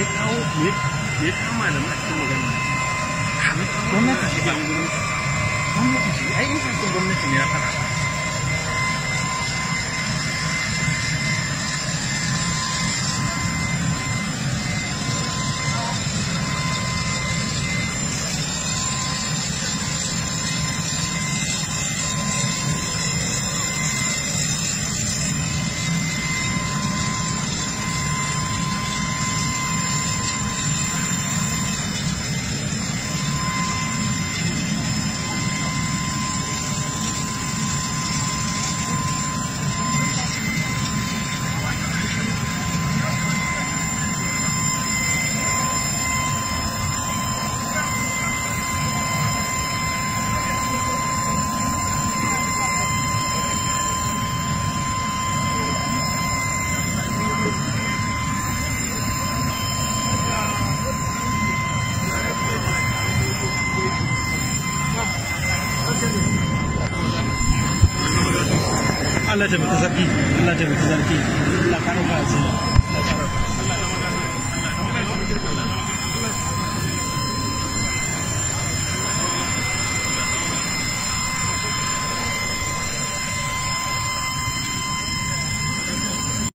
ya kawo ya kawo malamai a cikin ne ya faɗa Allah da mutu sarki Allah da mutu sarki Allah karo ba su